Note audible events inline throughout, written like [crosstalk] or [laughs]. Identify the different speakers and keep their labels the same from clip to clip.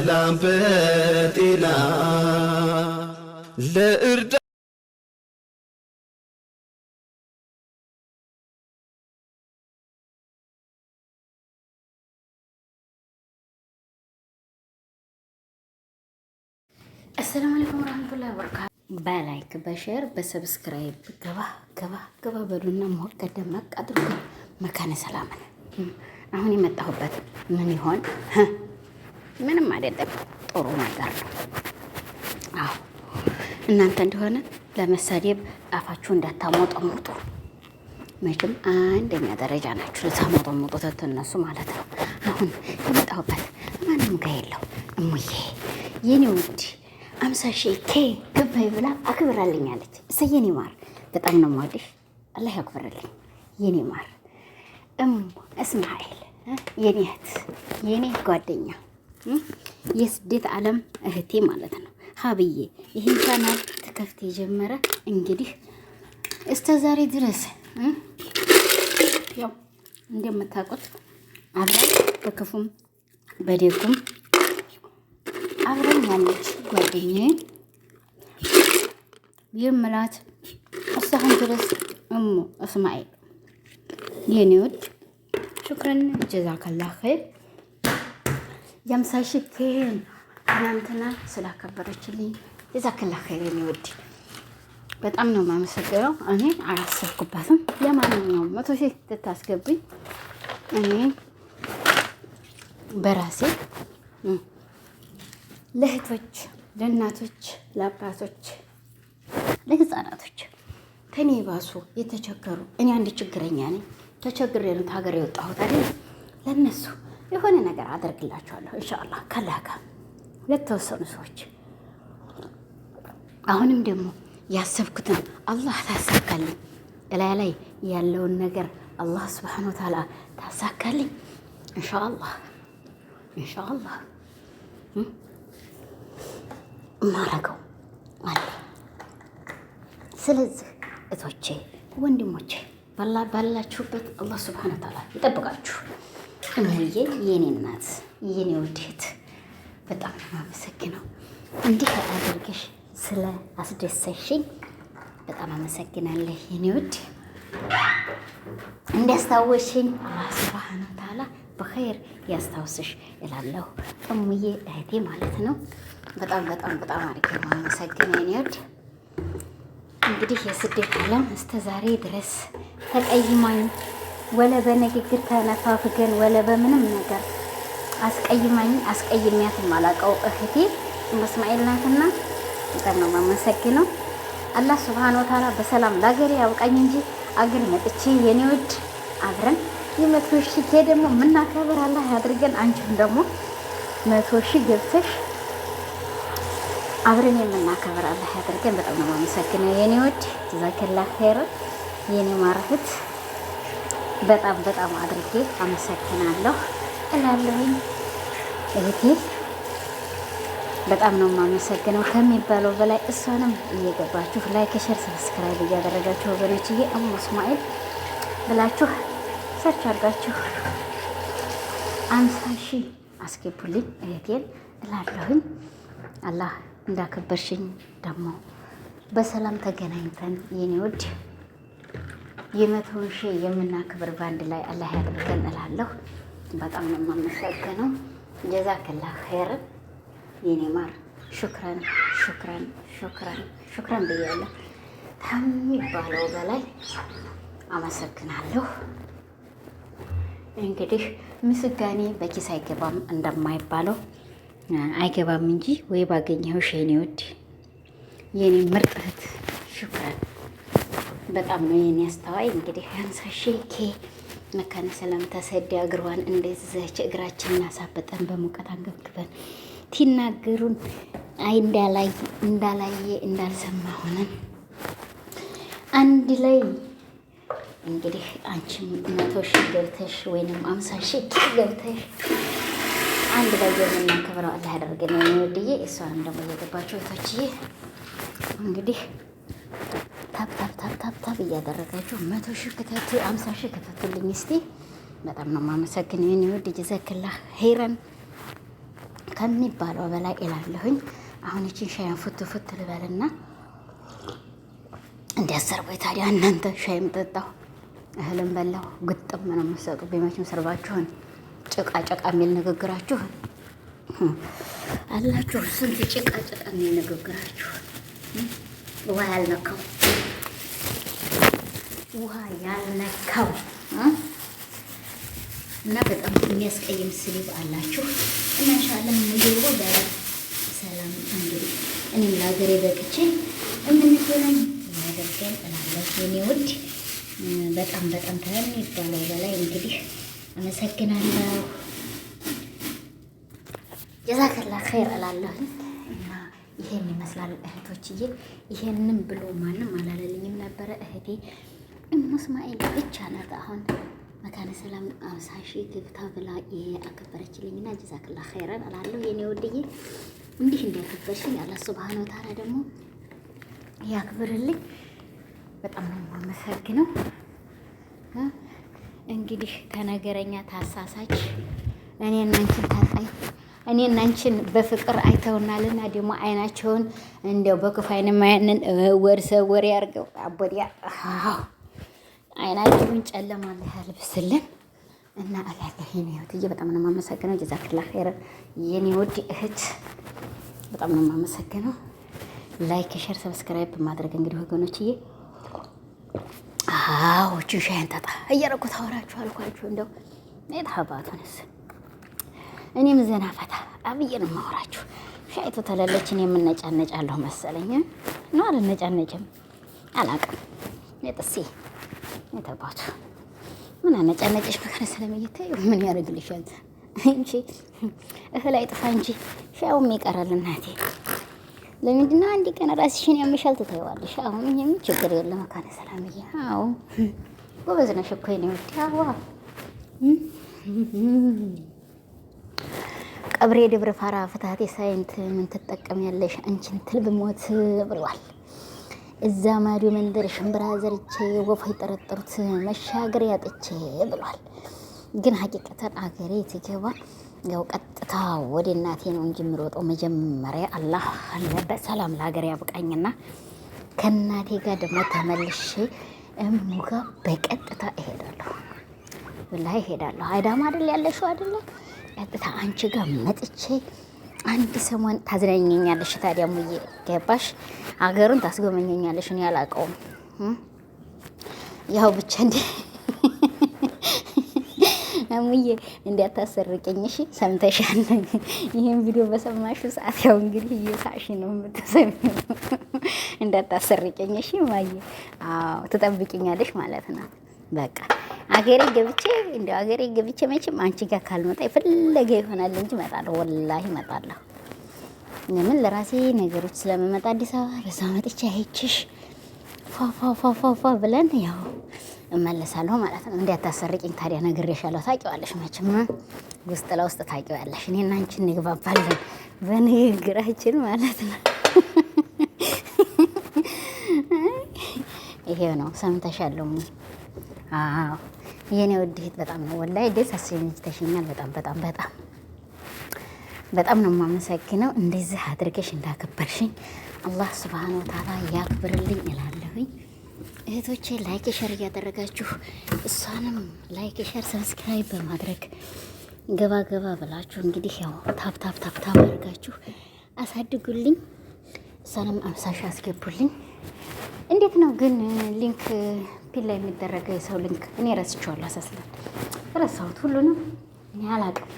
Speaker 1: በሰላም በጤና
Speaker 2: ለእርዳ አሰላሙ አለይኩም ወራህመቱላሂ ወበረካቱ። በላይክ በሼር በሰብስክራይብ ገባ ገባ ገባ በሉና ሞቅ ደመቅ አድርጉ መካነ ሰላምን። አሁን የመጣሁበት ምን ይሆን? ምንም አይደለም፣ ጥሩ ነገር ነው። አዎ እናንተ እንደሆነ ለመሳደብ አፋችሁ እንዳታሞጠሙጡ። መቼም አንደኛ ደረጃ ናችሁ፣ ልታሞጠሙጡት እነሱ ማለት ነው። አሁን የመጣሁበት ማንም ጋ የለው። እሙዬ የኔ ውድ አምሳ ሺ ኬ ግባይ ብላ አክብራልኛለች። እሰ የኔ ማር በጣም ነው የምወድሽ። አላህ ያክብርልኝ የኔ ማር እም እስማኤል የኔ እህት የኔ ጓደኛ የስደት ዓለም እህቴ ማለት ነው ሀብዬ ይህን ቻናል ትከፍት የጀመረ እንግዲህ እስከ ዛሬ ድረስ ያው እንደምታውቁት አብረን በክፉም በደጉም አብረን ያለች ጓደኛዬ የምላት እስካሁን ድረስ እሙ እስማኤል የኔ ውድ ሽክርን ጀዛከላህ ኸይር የአምሳ ሺህ ኬን ትናንትና ስላከበረችልኝ የዛክላ ኸይር የሚወድ በጣም ነው የማመሰግነው። እኔ አላሰብኩባትም። ለማንኛውም መቶ ሺህ ትታስገብኝ እኔ በራሴ ለእህቶች፣ ለእናቶች፣ ለአባቶች፣ ለህፃናቶች ከኔ ባሱ የተቸገሩ እኔ አንድ ችግረኛ ነኝ። ተቸግሬ ነው ከሀገር የወጣሁት አይደል ለእነሱ የሆነ ነገር አደርግላችኋለሁ እንሻላ ካላህ ሁለት ለተወሰኑ ሰዎች። አሁንም ደግሞ ያሰብኩትን አላህ ታሳካልኝ፣ እላይ ላይ ያለውን ነገር አላህ ሱብሓነሁ ወተዓላ ታሳካልኝ እንሻላ እንሻላ ማረገው አለ። ስለዚህ እቶቼ ወንድሞቼ ባላችሁበት አላህ ሱብሓነሁ ወተዓላ ይጠብቃችሁ። ኖህዬ የኔ እናት የኔ ውዴት በጣም አመሰግነው። እንዲህ አድርገሽ ስለ አስደሰሽኝ በጣም አመሰግናለሁ የኔ ውድ። እንዲያስታወሽኝ አላህ ስብሃነ ወተዓላ በኸይር ያስታውስሽ እላለሁ። እሙዬ እህቴ ማለት ነው። በጣም በጣም በጣም አድርጌ ነው የኔ ውድ። እንግዲህ የስደት ዓለም እስከ ዛሬ ድረስ ተቀይማኝ ወለ በንግግር ተነፋፍገን ወለ በምንም ነገር አስቀይማኝ አስቀይሚያት አላውቀው እህቴ እስማኤል ናትና በጣም ነው የማመሰግነው። አላህ ሱብሃነሁ ወተዓላ በሰላም ለሀገሬ ያብቃኝ እንጂ አገር መጥቼ የኔ ውድ አብረን የመቶ ሺህ ደግሞ የምናከብር አላህ ያድርገን። አንቺም ደግሞ መቶ ሺህ ገብተሽ አብረን የምናከብር አላህ ያድርገን። በጣም ነው የማመሰግነው የኔ ውድ ጀዛከላህ ኸይር የኔ ማረፍት በጣም በጣም አድርጌ አመሰግናለሁ እላለሁኝ እህቴ። በጣም ነው የማመሰግነው ከሚባለው በላይ እሷንም እየገባችሁ ላይክ፣ ሸር፣ ሰብስክራይብ እያደረጋችሁ ወገኖችዬ እሙ እስማኤል ብላችሁ ሰርች አድርጋችሁ አምሳ ሺህ አስገቡልኝ እህቴን እላለሁኝ። አላህ እንዳከበርሽኝ ደግሞ በሰላም ተገናኝተን የኔ ውድ የመቶውን ሺ የምናክብር ባንድ ላይ አላህ ያድርገን እላለሁ። በጣም ነው የማመሰግነው። ጀዛክላ ኸይር የኔ ማር። ሹክረን ሹክረን ሹክረን ሹክረን ብያለሁ ከሚባለው በላይ አመሰግናለሁ። እንግዲህ ምስጋኔ በኪስ አይገባም እንደማይባለው አይገባም እንጂ ወይ ባገኘው ሸኔ ውድ የኔ ምርጥ እህት ሹክረን በጣም ነው የኔ አስተዋይ። እንግዲህ ሀምሳ ሼኬ መካነ ሰላም ተሰዲ እግሯን እንደዘች እግራችንን እናሳበጠን በሙቀት አንገብግበን ቲናገሩን አይ እንዳላይ እንዳላየ እንዳልሰማ ሆነን አንድ ላይ እንግዲህ አንቺም መቶ ሺ ገብተሽ ወይንም አምሳ ሺ ገብተሽ አንድ ላይ የምና የምናከብረው አላህ ያደርገን ወድዬ እሷንም ደግሞ እየገባችሁ እህቶችዬ እንግዲህ ታ ታብታብ እያደረጋችሁ መቶ ሺህ ክተቱ፣ አምሳ ሺህ ክተቱልኝ እስቲ። በጣም ነው ማመሰግን ይህን ይወድ ጀዘክላ ሄረን ከሚባለው በላይ እላለሁኝ። አሁን ይችን ሻይን ፉት ፉት ልበልና እንዲያሰርበኝ ታዲያ እናንተ ሻይም ጠጣሁ እህልም በላሁ ግጥም ነው የምትሰጡ ቤመችም ሰርባችሁን ጭቃ ጭቃ የሚል ንግግራችሁ አላችሁ። ስንት ጭቃ ጭቃ የሚል ንግግራችሁ ዋ ያልነካው ውሃ ያልነካው እና በጣም የሚያስቀይም ስሊብ አላችሁ እና ኢንሻአላህ በሰላም እንግዲህ እኔም ለሀገሬ በቅቼ የምንገናኝ ያደርገን እላለሁ። የኔ ውድ በጣም በጣም ከሚባለው በላይ እንግዲህ አመሰግናለሁ። ጀዛከላ ኸይር እላለሁ እና ይሄን ይመስላል እህቶችዬ። ይሄንም ብሎ ማንም አላለልኝም ነበረ እህቴ እሙ እስማኤል ብቻ ናት አሁን መካነ ሰላም አምሳ ሺህ ግብታ ብላ አከበረችልኝ እና ጀዛክላ ኸይረን እላለሁ የኔ ወድዬ እንዲህ እንዲያከበርሽኝ አላህ ሱብሃነ ወተዓላ ደግሞ ያክብርልኝ። በጣም ነው የማመሰግነው። እንግዲህ ከነገረኛ ታሳሳች እኔና አንቺን ታጣይ እኔና አንቺን በፍቅር አይተውናልና ደግሞ አይናቸውን እንደው በክፉ አይን ማያንን ወርሰ ወሬ አድርገው አቦዲያ አይናችሁን ጨለማ ያልብስልን እና እላለሁ። የኔ እህትዬ በጣም ነው የማመሰግነው። ጀዛክላ ኸይር የኔ ውድ እህት በጣም ነው የማመሰግነው። ላይክ፣ ሼር፣ ሰብስክራይብ ማድረግ እንግዲህ ወገኖችዬ አዎቹ ሻይን ጠጣ እያረኩ ታወራችሁ አልኳችሁ። እንደው ሜት እኔም ዘና ፈታ አብዬ ነው የማወራችሁ። ሻይቱ ተለለች እኔ የምነጫነጫለሁ መሰለኝ። ነው አልነጫነጭም አላውቅም ነጥሴ የተባቱ ምን አነጫነጭሽ? መከረ ሰላም ምን ያደርግልሻል እንጂ እህል አይጥፋ እንጂ ሻውም ይቀራል። እናቴ ለምንድን ነው አንድ ቀን ራስሽን ያምሻል? ትታይዋለሽ። አሁን ይህም ችግር የለም። መከረ ሰላም አዎ፣ ጎበዝ ነሽ እኮ ነው ውድ ቀብሬ ድብር ፋራ ፍታት የሳይንት ምን ትጠቀም ያለሽ አንቺን ትል ብሞት ብሏል። እዛ ማዶ መንደር ሽምብራ ዘርቼ ወፎ የጠረጠሩት መሻገር ያጥቼ ብሏል። ግን ሀቂቀተን አገሬ ትገባ ያው ቀጥታ ወደ እናቴ ነው እንጂ የምሮጠው። መጀመሪያ አላህ ሰላም ለሀገር ያብቃኝና ከእናቴ ጋር ደግሞ ተመልሼ እሙ በቀጥታ እሄዳለሁ። ብላ እሄዳለሁ። አዳማ አይደል ያለሽው አይደለም? ቀጥታ አንቺ ጋር መጥቼ አንድ ሰሞን ታዝናኘኛለሽ። ታዲያ ሙዬ ገባሽ፣ አገሩን ታስጎመኘኛለሽ። እኔ አላውቀውም። ያው ብቻ እንደ ሙዬ እንዳታሰርቅኝ እሺ። ሰምተሻል? ይህን ቪዲዮ በሰማሹ ሰዓት ያው እንግዲህ እየሳሽ ነው የምትሰሚው። እንዳታሰርቅኝ ማየ ትጠብቅኛለሽ ማለት ነው በቃ አገሬ ገብቼ እንደ አገሬ ገብቼ መቼም አንቺ ጋር ካልመጣ የፈለገ ይሆናል እንጂ እመጣለሁ፣ ወላሂ እመጣለሁ። ምን ለራሴ ነገሮች ስለምመጣ አዲስ አበባ በዛ መጥቼ አይችሽ ፏፏፏፏፏ ብለን ያው እመለሳለሁ ማለት ነው። እንዲያታሰርቂኝ ታዲያ ነግሬሻለሁ። ታውቂዋለሽ መቼም ውስጥ ለውስጥ ታውቂዋለሽ። እና አንቺ እንግባባለን በንግግራችን ማለት ነው። ይሄ ነው። ሰምተሻለሁ? አዎ የኔ ወድህት በጣም ነው ወላሂ ደስ ተሽኛል። በጣም በጣም በጣም በጣም ነው የማመሰግነው። እንደዚህ አድርገሽ እንዳከበርሽኝ አላህ ስብሃነ ወተዓላ ያክብርልኝ እላለሁኝ። እህቶቼ ላይክ ሸር እያደረጋችሁ እሷንም ላይክ ሸር ሰብስክራይብ በማድረግ ገባ ገባ ብላችሁ እንግዲህ ያው ታፕ ታፕ ታፕ ታፕ አድርጋችሁ አሳድጉልኝ። እሷንም አምሳሽ አስገቡልኝ። እንዴት ነው ግን ሊንክ ፊት ላይ የሚደረገ የሰው ልንክ እኔ ረስቼዋለሁ። አሳስላል ረሳሁት፣ ሁሉንም እኔ አላቅም።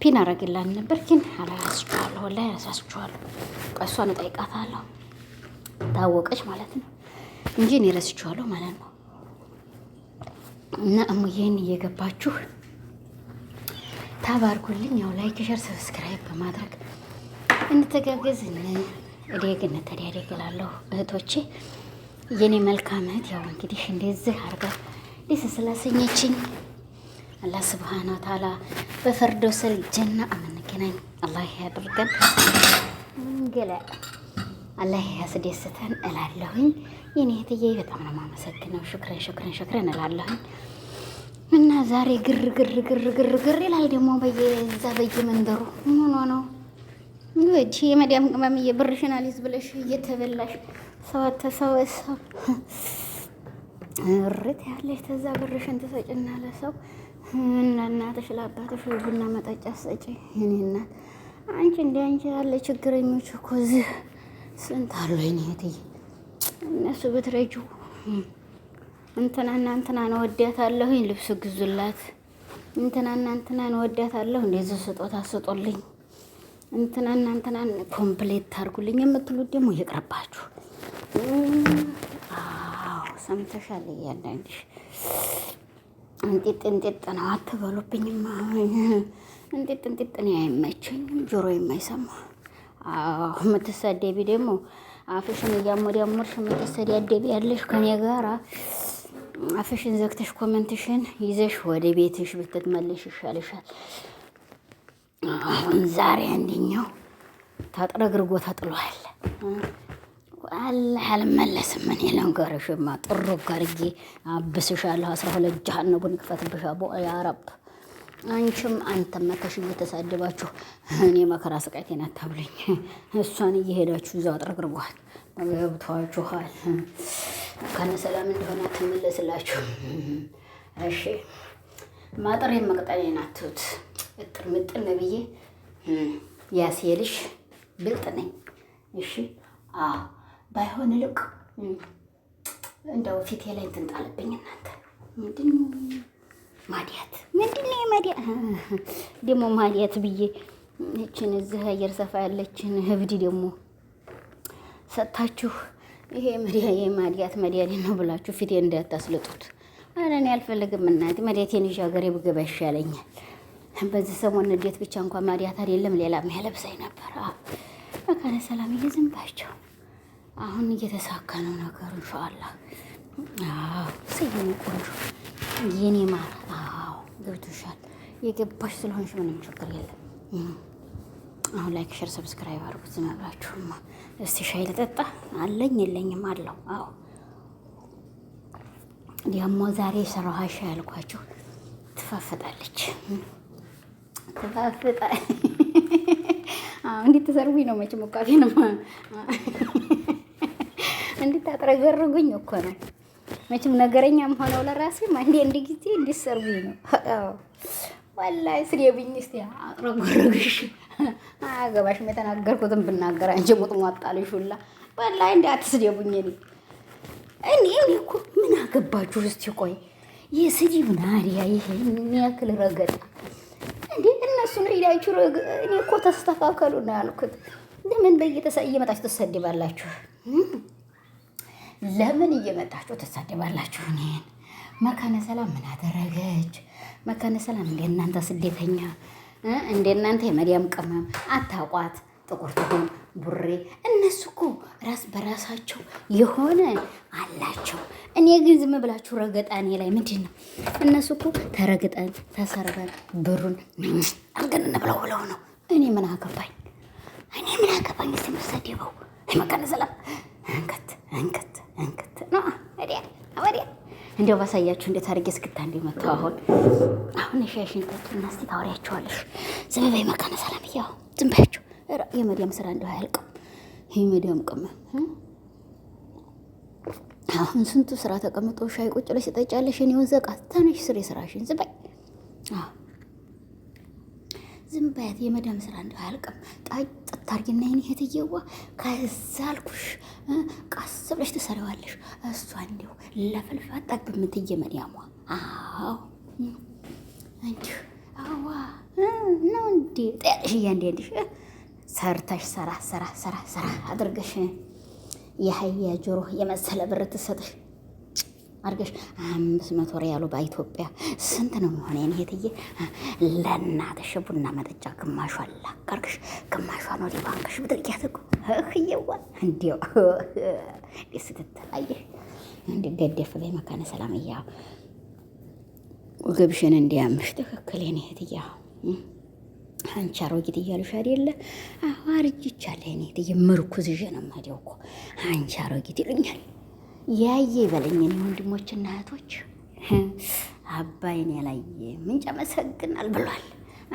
Speaker 2: ፒን አረግላን ነበር ግን አላያስችኋለሁ፣ ወላሂ ረሳስችኋለሁ። ቀሷን እጠይቃታለሁ ታወቀች ማለት ነው እንጂ እኔ ረስችኋለሁ ማለት ነው። እና እሙዬን እየገባችሁ ታባርኩልኝ። ያው ላይክ፣ ሸር፣ ሰብስክራይብ በማድረግ እንተጋገዝ። እኔ እደግ እላለሁ እህቶቼ የኔ መልካም እህት ያው እንግዲህ እንደዚህ አርጋ ደስ ስላሰኘችኝ አላህ ስብሓነ ወተዓላ በፈርዶሰል ጀና የምንገናኝ አላህ ያደርገን። እንገላ አላህ ያስደስተን እላለሁኝ። የኔ እህትዬ በጣም ነው የማመሰግነው። ሽክረን ሽክረን ሽክረን እላለሁኝ። እና ዛሬ ግር ግር ግር ግር ግር ይላል ደግሞ በየዛ በየመንደሩ ምን ሆኖ ነው? ይቺ የመዲያም ቅመምዬ ብርሽን አልይዝ ብለሽ እየተበላሽ ሰው አተሰበሰብ እርት ያለች ተዛ ብርሽን ትሰጭና ለሰው እና እናትሽ ለአባትሽ ቡና መጠጫ ሰጪ። እኔ እናት አንቺ እንደ አንቺ ያለ ችግረኞች እኮ እዚህ ስንት አሉ። እኔ እነሱ ብትረጁ እንትናና እንትናን እወዳታለሁኝ፣ ልብስ ግዙላት። እንትናና እንትናን እወዳታለሁ፣ እንደዚህ ስጦታ ስጦልኝ። እንትናና እንትናን ኮምፕሌት ታርጉልኝ የምትሉት ደግሞ ይቅርባችሁ። አዎ ሰምተሻል እያለንሽ እንጢጥ እንጢጥ ነው አትበሉብኝማ። እንጢጥ እንጢጥ ነው አይመቸኝም፣ ጆሮ የማይሰማ አዎ። የምትሰደቢ ደግሞ አፍሽን እያሞዳሞድሽ የምትሰዳደቢ ያለሽ ከኔ ጋራ አፍሽን ዘግተሽ ኮመንትሽን ይዘሽ ወደ ቤትሽ ብትመለሽ ይሻልሻል። አሁን ዛሬ አንደኛው ታጥረግርጎ ተጥሏል። አላህ አልመለስም። እኔ ለንገርሽማ ጥሩግ አድርጌ አብስሻለሁ። አስራ ሁለት ጀሃነቡን ክፈትብሻ ቦ ያ ረብ አንቺም አንተም መተሽ እየተሳደባችሁ እኔ መከራ ስቃይቴን አታብለኝ። እሷን እየሄዳችሁ እዛው አጥረግርጓል ገብቷችኋል። ከነ ሰላም እንደሆነ ትመለስላችሁ። እሺ ማጠሬን መቅጠሬን አትሁት። እጥር ምጥን ብዬ ያስሄድሽ ብልጥ ነኝ። እሺ አዎ ባይሆን ልቅ እንደው ፊቴ ላይ እንትን ጣለብኝ። እናንተ ምንድን ማዲያት ምንድን ነው ማዲያት ደግሞ ማዲያት ብዬ እችን እዚህ አየር ሰፋ ያለችን ህብድ ደግሞ ሰጥታችሁ ይሄ መዲያ ማዲያት መዲያት ነው ብላችሁ ፊቴ እንዳታስለጡት። ኧረ እኔ አልፈልግም እናቴ መዲያቴን ይዤ ሀገሬ ብገባ ይሻለኛል። በዚህ ሰሞን እንዴት ብቻ እንኳን ማዲያት አይደለም ሌላም ያለብሳኝ ነበር። መካነ ሰላም እየዝንባቸው አሁን እየተሳካ ነው ነገሩ። እንሻአላ አዎ፣ ቆንጆ የኔ ማር፣ ገብቶሻል። የገባሽ ስለሆንሽ ምንም ችግር የለም። አሁን ላይክ፣ ሸር፣ ሰብስክራይብ አድርጉት። ዝም ብላችሁማ እስቲ ሻይ ልጠጣ አለኝ የለኝም አለው። አዎ ደግሞ ዛሬ ስራሃ ሻይ ያልኳችሁ ትፋፍጣለች፣ ትፋፍጣ [laughs] እንዴት ተሰርቡኝ ነው መቼም ሞቃቴ ነው እንድታጥረገርጉኝ እኮ ነው። መቼም ነገረኛም ሆነው ለራሴ አንዴ አንድ ጊዜ እንዲሰርጉኝ ነው። ወላሂ ስደብኝ እስኪ አጥረጎረግሽ አያገባሽም። የተናገርኩትን ብናገር አንቺ ሙጥሟጣልሽ ሁላ ወላ እንደ አትስደቡኝ። እኔ እኔ እኮ ምን አገባችሁ? እስቲ ቆይ የስድብ ናሪያ ይሄን የሚያክል ረገጣ እንዴ! እነሱን ሄዳችሁ እኔ እኮ ተስተካከሉ ነው ያልኩት። ለምን በየመጣችሁ ትሰድባላችሁ? ለምን እየመጣችሁ ትሳደባላችሁ? እኔን መካነ ሰላም ምን አደረገች? መካነ ሰላም እንደ እናንተ ስደተኛ እንደ እናንተ የመዲያም ቅመም አታቋት። ጥቁር ትሁን ቡሬ፣ እነሱ እኮ ራስ በራሳቸው የሆነ አላቸው። እኔ ግን ዝም ብላችሁ ረገጣ እኔ ላይ ምንድን ነው? እነሱ እኮ ተረግጠን ተሰርበን ብሩን አርገን እንብለው ብለው ነው። እኔ ምን አገባኝ? እኔ ምን አገባኝ? ስምሰደበው መካነ ሰላም እንከት እንከት እንዲያው ባሳያችሁ እንዴት አድርጌ እስክታ እንዲመታው አሁን አሁን የሻይሽን ጠጡ እና እስኪ ታወሪያቸዋለሽ። ዝም በይ መካነ ሰላም እያው ዝም በያቸው። የመዲያም ስራ እንዲሁ አያልቅም። ይህ መዲያም ቅመም አሁን ስንቱ ስራ ተቀምጦ ሻይ ቁጭ ብለሽ ሲጠጫለሽ እኔ ወዘቃ ታነሽ ስሬ ስራሽን ዝም በይ አያት የመዳም ስራ እንደ አያልቅም። ጣጣት አርጊና ይህን ሄትየዋ ከዛ አልኩሽ ቀስ ብለሽ ትሰሪዋለሽ። እሷ እንዲሁ ለፈልፍ አጣግ የምትየ መዲያሟ አዎ እንዲሁ አዋ ነው እንዲ ጠያለሽ እያንዴ እያንዳንድሽ ሰርተሽ ሰራ ሰራ ሰራ ሰራ አድርገሽ የሀያ ጆሮ የመሰለ ብር ትሰጥሽ አድርገሽ አምስት መቶ ሪያሉ በኢትዮጵያ ስንት ነው የሆነ? የኔ እህትዬ ለእናትሽ ቡና መጠጫ ግማሿን ላክ አድርገሽ ግማሿ ነው ባንክሽ ብትርጊያት እኮ እህየዋ እንዲው ስትተላየ ገደፍ በይ መካነ ሰላም እያ ወገብሽን እንዲያምሽ ትክክል የኔ እህትዬ አንቺ አሮጊት እያሉሽ አይደለ? አዎ አርጅቻለሁ የኔ ምርኩዝ ይዤ ነው የምሄደው እኮ አንቺ አሮጊት ይሉኛል። ያየ ይበለኝ እኔ ወንድሞችና እህቶች አባይን ያላየ ምንጭ ያመሰግናል ብሏል።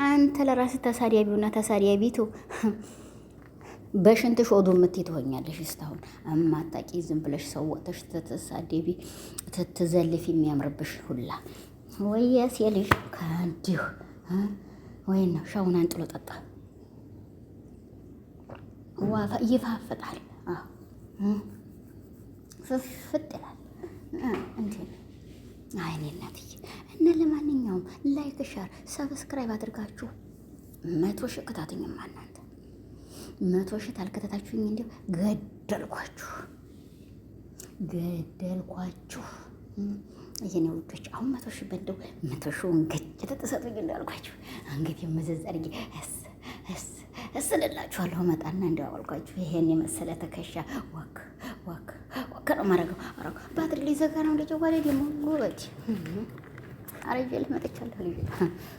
Speaker 2: አንተ ለራስህ ተሳዳቢውና ተሳዳቢቱ በሽንት ሾዶ የምትይ ትሆኛለሽ። እስካሁን እማታቂ ዝም ብለሽ ሰው ወጥተሽ ትትሳደቢ ትትዘልፊ የሚያምርብሽ ሁላ ወይ የልጅ ከእንዲሁ ወይ ነው ሻውን አንጥሎ ጠጣ ይፋፍጣል። ፍፍጥ ይላል። እንዴ አይኔ እናትዬ። እና ለማንኛውም ላይክ፣ ሸር፣ ሰብስክራይብ አድርጋችሁ መቶ ሺህ ክታትኝማ እናንተ መቶ ሺህ ታልከተታችሁኝ እንዲሁ ገደልኳችሁ ገደልኳችሁ። የኔ ውዶች አሁን መቶ ሺህ በደው መቶ ሺውን ገጭት ትሰጡኝ እንዳልኳችሁ እንግዲህ እስ አድርጌ እስልላችኋለሁ። መጣና እንዲያው አልኳችሁ ይሄን የመሰለ ትከሻ ወክ ልክ ነው ማረገው። አረ ባትሪ ሊዘጋ ነው እንደ ጨጓዴ ደግሞ ጎበጅ አረጀ መጥቻለሁ። ልዩ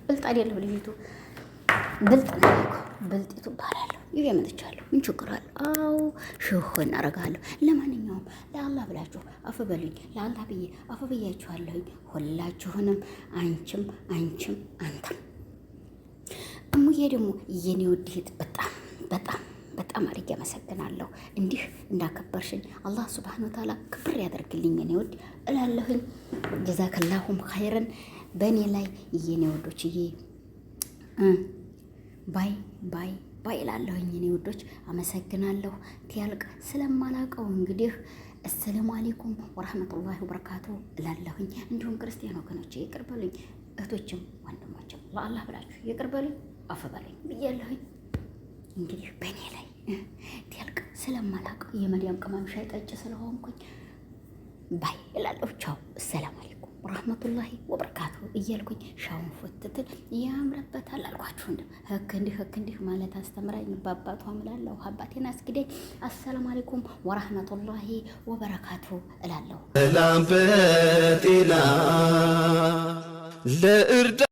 Speaker 2: ብልጥ አይደለሁ ልዩቱ ብልጥ ነው ብልጢቱ እባላለሁ። ይዤ መጥቻለሁ። ምን ችግር አለ? አዎ ሽሆን አረጋለሁ። ለማንኛውም ለአላህ ብላችሁ አፍ በሉኝ። ለአላህ ብዬ አፍ ብያችኋለሁኝ ሁላችሁንም፣ አንቺም አንቺም አንተም። እሙዬ ደግሞ የኔ ውድት በጣም በጣም በጣም አድርጌ አመሰግናለሁ። እንዲህ እንዳከበርሽኝ አላህ ስብሓን ወተዓላ ክብር ያደርግልኝ እኔ ወድ እላለሁኝ። ጀዛከላሁም ኸይረን በእኔ ላይ እየኔ ወዶች እዬ ባይ ባይ ባይ እላለሁኝ። እኔ ወዶች አመሰግናለሁ። ቲያልቅ ስለማላቀው እንግዲህ አሰላሙ አሌይኩም ወረህመቱላሂ ወበረካቱ እላለሁኝ። እንዲሁም ክርስቲያን ወገኖች ይቅር በሉኝ፣ እህቶችም ወንድሞችም ለአላህ ብላችሁ ይቅር በሉኝ፣ አፈ ብያለሁኝ። እንግዲህ በእኔ ላይ ዲያልቅ ስለማላቅ የመዲያም ቅመም ሻይ ጠጭ ስለሆንኩኝ ባይ እላለሁ። ቻው ሰላም አለይኩም ረህመቱላሂ ወበረካቱ እያልኩኝ ሻውን ፎትትል ያምረበታል አልኳችሁ። እንደ ህክ እንዲህ ህክ እንዲህ ማለት አስተምራኝ በአባቷ እምላለሁ። አባቴን አስግደኝ። አሰላም አለይኩም ወረህመቱላሂ ወበረካቱ እላለሁ። ሰላም በጤና ለእርዳ